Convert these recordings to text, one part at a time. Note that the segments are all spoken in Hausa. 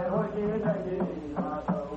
I Hare Hare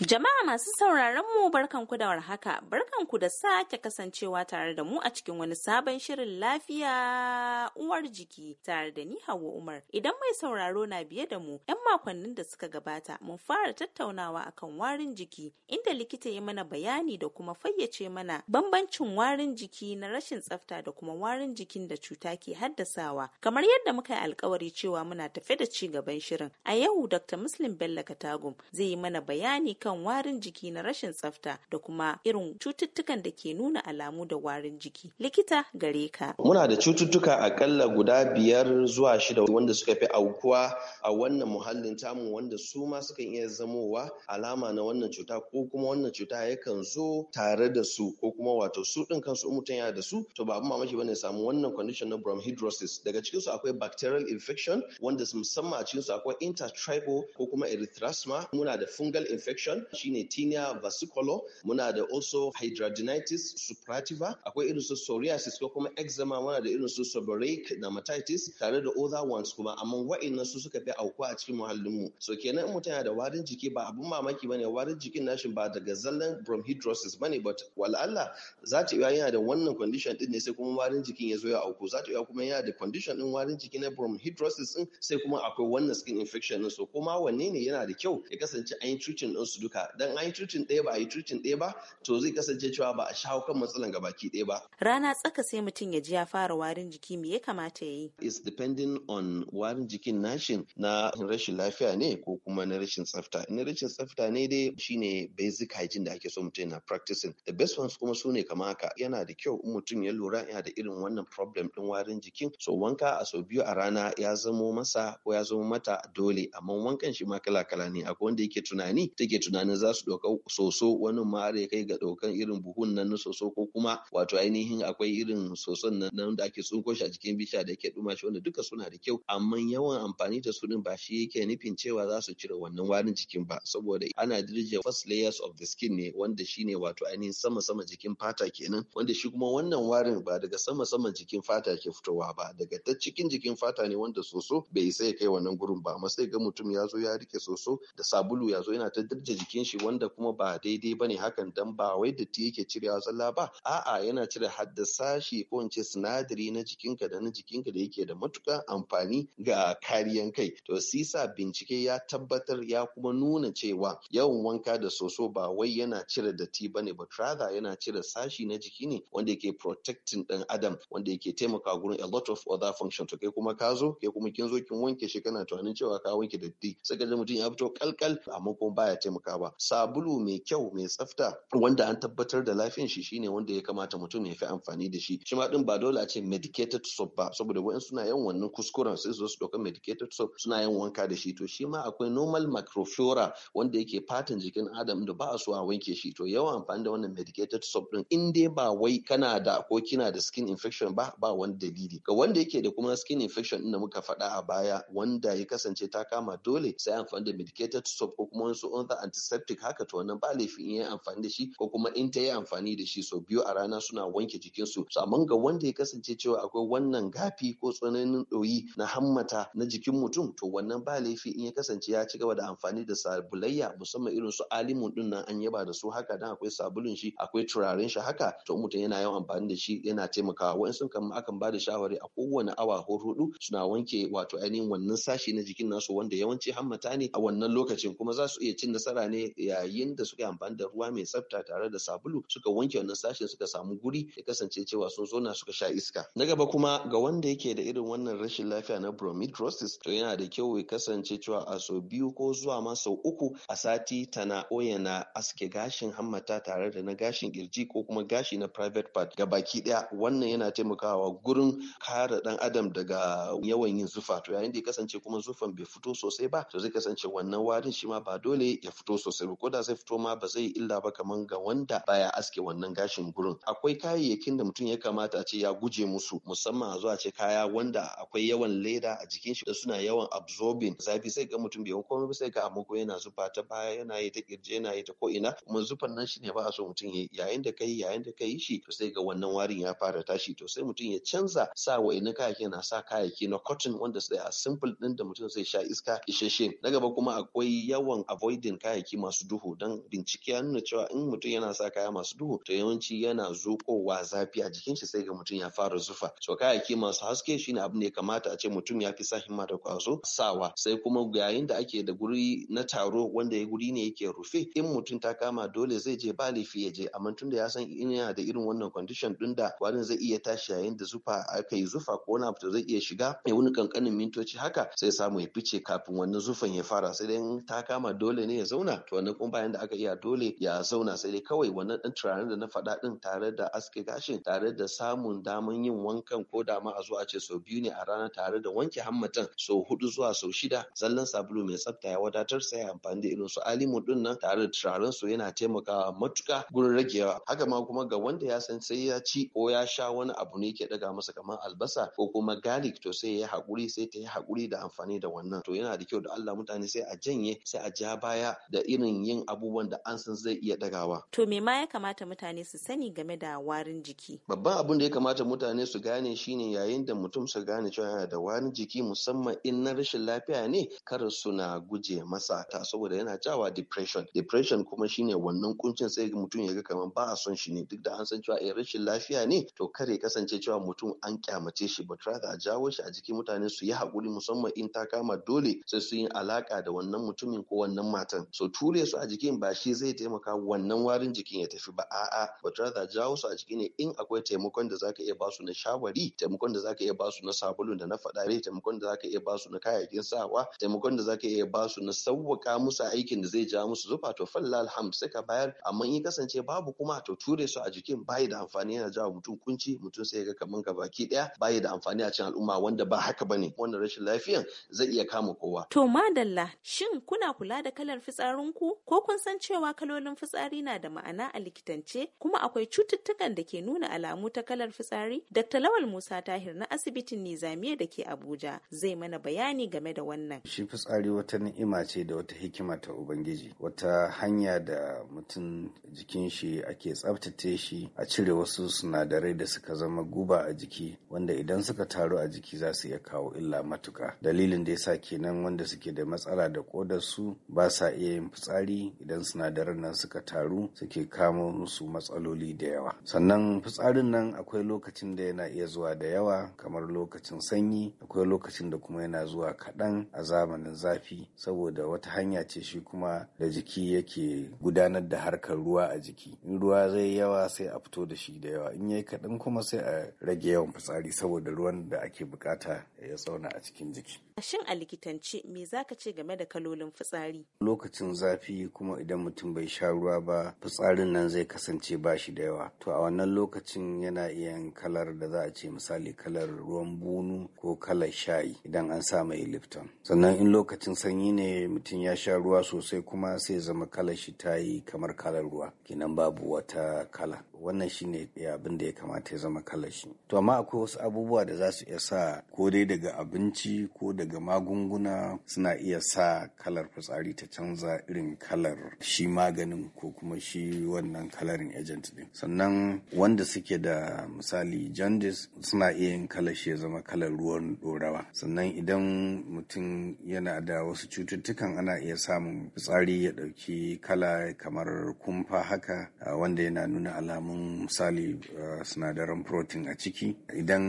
Jama'a masu sauraron mu barkanku da warhaka, barkanku da sake kasancewa tare da mu a cikin wani sabon shirin lafiya uwar jiki tare da ni Hauwa Umar. Idan mai sauraro na biye da mu, 'yan makonnin da suka gabata mun fara tattaunawa akan warin jiki, inda likita ya mana bayani da kuma fayyace mana bambancin warin jiki na rashin tsafta da kuma warin jikin da cuta ke haddasawa. Kamar yadda muka yi alkawari cewa muna tafe da ci gaban shirin, a yau Dr. Muslim Bello Katagum zai yi mana bayani cututtukan warin jiki na rashin tsafta da kuma irin cututtukan da ke nuna alamu da warin jiki. Likita gare ka. Muna da cututtuka akalla guda biyar zuwa shida wanda suka fi aukuwa a wannan muhallin tamu wanda su ma sukan iya zamowa alama na wannan cuta ko kuma wannan cuta yakan zo tare da su ko kuma wato su ɗin kansu in mutum yana da su to ba ne mamaki bane samu wannan condition na bronchidrosis daga cikin su akwai bacterial infection wanda musamman a cikin su akwai intertribal ko kuma erythrasma muna da fungal infection shine tinea vesicolor muna da also hydradenitis suprativa. akwai irin su psoriasis ko kuma eczema muna da irin su seborrheic dermatitis tare da other ones kuma amma wa'annan su suka fi auku a cikin muhallin mu so kenan in mutum yana da warin jiki ba abun mamaki bane warin jikin nashi ba daga zallan bronchidrosis bane but wal'alla za ta iya yana da wannan condition din ne sai kuma warin jikin ya zo ya auku za ta iya kuma yana da condition din warin jiki na bronchidrosis din sai kuma akwai wannan skin infection din so kuma wanne ne yana da kyau ya kasance an yi treating din su cututtuka dan an yi cucin ɗaya ba a yi cucin ɗaya ba to zai kasance cewa ba a shawo kan matsalan gabaki ɗaya ba rana tsaka sai mutum ya ji ya fara warin jiki me ya kamata ya yi is depending on warin jikin nashin na rashin lafiya ne ko kuma na rashin tsafta na rashin tsafta ne dai shine basic hygiene da ake so mutum yana practicing the best ones kuma su ne kama haka yana da kyau in mutum ya lura yana da irin wannan problem din warin jikin so wanka a sau biyu a rana ya zamo masa ko ya zamo mata dole amma wankan shi ma kala kala ne akwai wanda yake tunani take tunani tunanin za su ɗauka soso wani ma har ya kai ga ɗaukan irin buhun nan na soso ko kuma wato ainihin akwai irin soson nan nan da ake tsunko shi a jikin bishiya da yake ɗuma shi wanda duka suna da kyau amma yawan amfani da su din ba shi yake nufin cewa za su cire wannan warin jikin ba saboda ana dirje first layers of the skin ne wanda shine wato ainihin sama sama jikin fata kenan wanda shi kuma wannan warin ba daga sama sama jikin fata ke fitowa ba daga ta cikin jikin fata ne wanda soso bai sai ya kai wannan gurin ba amma sai ga mutum ya zo ya rike soso da sabulu ya zo yana ta dirje jikin shi wanda kuma ba daidai bane hakan dan ba wai datti yake cirewa zalla ba a'a yana cire haddasa shi ko in ce sinadari na jikinka da na jikinka da yake da matukan amfani ga kariyan kai to sisa bincike ya tabbatar ya kuma nuna cewa yawan wanka da soso ba wai yana cire datti bane but rather yana cire sashi na jiki ne wanda yake protecting dan adam wanda yake taimaka gurin a lot of other function to kai kuma ka zo kai kuma kin zo kin wanke shi kana tunanin cewa ka wanke datti sai ka mutum ya fito kalkal amma kuma baya taimaka shaka ba sabulu mai kyau mai tsafta wanda an tabbatar da lafiyan shi shine wanda ya kamata mutum ya fi amfani da shi shima ma din ba dole a ce medicated soap ba saboda wa'in suna yawan wannan kuskuren sai su dauka medicated soap suna yin wanka da shi to shi ma akwai normal microflora wanda yake fatan jikin adam da ba a so a wanke shi to yawan amfani da wannan medicated soap din in dai ba wai kana da ko kina da skin infection ba ba wani dalili ga wanda yake da kuma skin infection din da muka faɗa a baya wanda ya kasance ta kama dole sai amfani da medicated soap ko kuma wasu other anti antiseptic haka to wannan ba laifi in yi amfani da shi ko kuma in ta yi amfani da shi sau biyu a rana suna wanke jikinsu su amma ga wanda ya kasance cewa akwai wannan gafi ko tsananin ɗoyi na hammata na jikin mutum to wannan ba laifi in ya kasance ya ci gaba da amfani da sabulayya musamman irin su alimu din nan an yaba da su haka dan akwai sabulun shi akwai turaren shi haka to mutum yana yawan amfani da shi yana taimakawa sun kan akan ba da shawari a kowane awa hudu suna wanke wato ainihin wannan sashi na jikin nasu wanda yawanci hammata ne a wannan lokacin kuma za su iya cin nasara mutane yayin da suka yi amfani da ruwa mai tsafta tare da sabulu suka wanke wannan sashen suka samu guri ya kasance cewa sun zona suka sha iska na gaba kuma ga wanda yake da irin wannan rashin lafiya na bromidrosis to yana da kyau ya kasance cewa a sau biyu ko zuwa ma sau uku a sati tana oyana aske gashin hammata tare da na gashin kirji ko kuma gashi na private part ga baki daya wannan yana taimakawa gurin kare dan adam daga yawan yin zufa to yayin da ya kasance kuma zufan bai fito sosai ba to zai kasance wannan warin shi ma ba dole ya fito sosai ba da zai fito ma ba zai illa ba kaman ga wanda baya aske wannan gashin gurin akwai kayayyakin da mutum ya kamata a ce ya guje musu musamman a zuwa ce kaya wanda akwai yawan leda a jikin shi da suna yawan absorbing zafi sai ga mutum bai komai ba sai ga ko yana zufa ta baya yana yi ta kirje yana yi ta ko ina kuma zufan nan shine ba a so mutum ya yayin da kai yayin da kai shi to sai ga wannan warin ya fara tashi to sai mutum ya canza sa wa'ina kayayyaki na sa kayayyaki na cotton wanda sai a simple din da mutum zai sha iska isheshe na gaba kuma akwai yawan avoiding kayayyaki kayaki masu duhu don bincike ya nuna cewa in mutum yana sa kaya masu duhu to yawanci yana zokowa zafi a jikin shi sai ga mutum ya fara zufa to kayaki masu haske shine abin da ya kamata a ce mutum ya fi sa himma da kwazo sawa sai kuma yayin da ake da guri na taro wanda ya guri ne yake rufe in mutum ta kama dole zai je ba laifi ya je amma tunda ya san in yana da irin wannan condition din da warin zai iya tashi yayin da zufa aka yi zufa ko wani abu zai iya shiga ya wani kankanin mintoci haka sai samu ya fice kafin wannan zufan ya fara sai dai ta kama dole ne ya zauna to wannan kuma bayan da aka iya dole ya zauna sai dai kawai wannan ɗan turaren da na faɗa ɗin tare da aske gashin tare da samun daman yin wankan ko da ma a zo a ce sau biyu ne a rana tare da wanke hammatan sau hudu zuwa sau shida zallan sabulu mai tsafta ya wadatar sai amfani da irin su alimu ɗin nan tare da turaren su yana taimakawa matuka gurin ragewa haka ma kuma ga wanda ya san sai ya ci ko ya sha wani abu ne yake daga masa kamar albasa ko kuma garlic to sai ya hakuri, sai ta yi hakuri da amfani da wannan to yana da kyau da Allah mutane sai a janye sai a ja baya da da irin yin abubuwan da an san zai iya dagawa. To me ma ya kamata mutane su sani game da warin jiki? Babban abin da ya kamata mutane su gane shine yayin da mutum su gane cewa yana da warin jiki musamman in na rashin lafiya ne kar na guje masa ta saboda yana jawa depression. Depression kuma shine wannan kuncin sai mutum ya ga kamar ba a son shi ne duk da an san cewa in eh, rashin lafiya ne to kare kasance cewa mutum an kyamace shi ba tare a jawo shi a jiki mutane su yi haƙuri musamman in ta kama dole sai su yi alaka da wannan mutumin ko wannan matan. So ture su a jikin ba shi zai taimaka wannan warin jikin ya tafi ba a'a but rather jawo su a jiki ne in akwai taimakon da zaka iya basu na shawari taimakon da zaka iya basu na sabulun da na faɗa ne taimakon da zaka iya basu na kayayyakin sawa taimakon da zaka iya basu na sauwaka musu aikin da zai ja musu zufa to fallal ham sai ka bayar amma in kasance babu kuma to ture su a jikin bayi da amfani yana jawo mutum kunci mutum sai ga kaman ga baki daya bayi da amfani a cikin al'umma wanda ba haka bane wannan rashin lafiyan zai iya kama kowa to madalla shin kuna kula da kalar fitsarin fitsarinku ko kun san cewa kalolin fitsari na da ma'ana a likitance kuma akwai cututtukan da ke nuna alamu ta kalar fitsari? Dr. Lawal Musa Tahir na asibitin Nizamiya da ke Abuja zai mana bayani game da wannan. Shi fitsari wata ni'ima ce da wata hikima ta Ubangiji, wata hanya da mutum jikin shi ake tsaftace shi a cire wasu sinadarai da suka zama guba a jiki wanda idan suka taru a jiki za su iya kawo illa matuka. Dalilin da yasa kenan wanda suke da matsala da kodar su ba sa iya yin fitsari idan sinadaran nan suka taru suke kamo musu matsaloli da yawa sannan fitsarin nan akwai lokacin da yana iya zuwa da yawa kamar lokacin sanyi akwai lokacin da kuma yana zuwa kaɗan a zamanin zafi saboda wata hanya ce shi kuma da jiki yake gudanar da harkar ruwa a jiki in ruwa zai yawa sai a fito da shi da yawa in yayi kaɗan kuma sai a rage yawan fitsari saboda ruwan da ake bukata ya tsauna a cikin jiki shin a likitance me zaka ce game da kalolin fitsari lokacin zafi kuma idan mutum bai sha ruwa ba fitsarin nan zai kasance ba shi da yawa to a wannan lokacin yana iya kalar da za a ce misali kalar ruwan bunu ko kalar shayi idan an sa mai lifton sannan in lokacin sanyi ne mutum ya sha ruwa sosai kuma sai zama kalar shi ta yi kamar kalar ruwa kenan babu wata kala wannan shine abin da ya kamata ya zama kalar shi to amma akwai wasu abubuwa da za su iya sa ko dai daga abinci ko daga magunguna suna iya sa kalar fitsari ta canza irin kalar shi maganin ko kuma shi wannan kalarin agent din sannan wanda suke da misali jaundice suna iya yin kalar shi ya zama kalar ruwan dorawa sannan idan mutum yana da wasu cututtukan ana iya samun fitsari ya ɗauki kala kamar kumfa haka wanda yana nuna alamun misali sinadaran protein a ciki idan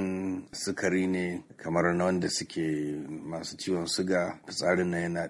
sukari ne kamar na wanda suke masu ciwon suga fitsarin na yana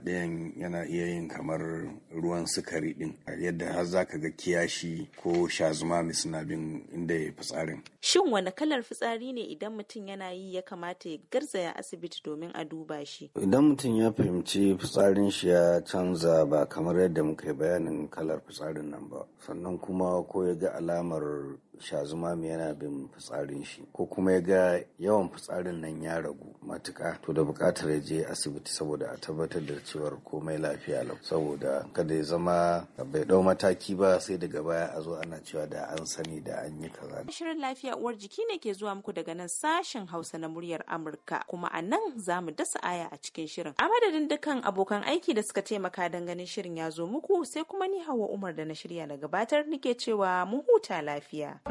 yana iya yin kamar free. ruwan sukari din yadda har za ka ga kiyashi ko shazumami suna bin inda ya fitsarin. Shin wani kalar fitsari ne idan mutum yana yi ya kamata ya garzaya asibiti domin a duba shi? Idan mutum ya fahimci fitsarin shi ya canza ba kamar yadda muka yi bayanin kalar fitsarin nan ba. Sannan kuma ko ya ga alamar shazumami yana bin fitsarin shi ko kuma ya ga yawan fitsarin nan ya ragu matuƙa, to da buƙatar ya je asibiti saboda a tabbatar da cewar komai lafiya lau saboda kada ya zama bai dau mataki ba sai daga baya a zo ana cewa da an sani da an yi kaza shirin lafiya uwar jiki ne ke zuwa muku daga nan sashen hausa na muryar amurka kuma a nan za mu dasa aya a cikin shirin a madadin dukkan abokan aiki da suka taimaka don ganin shirin ya zo muku sai kuma ni hawa umar da na shirya na gabatar nike cewa mu huta lafiya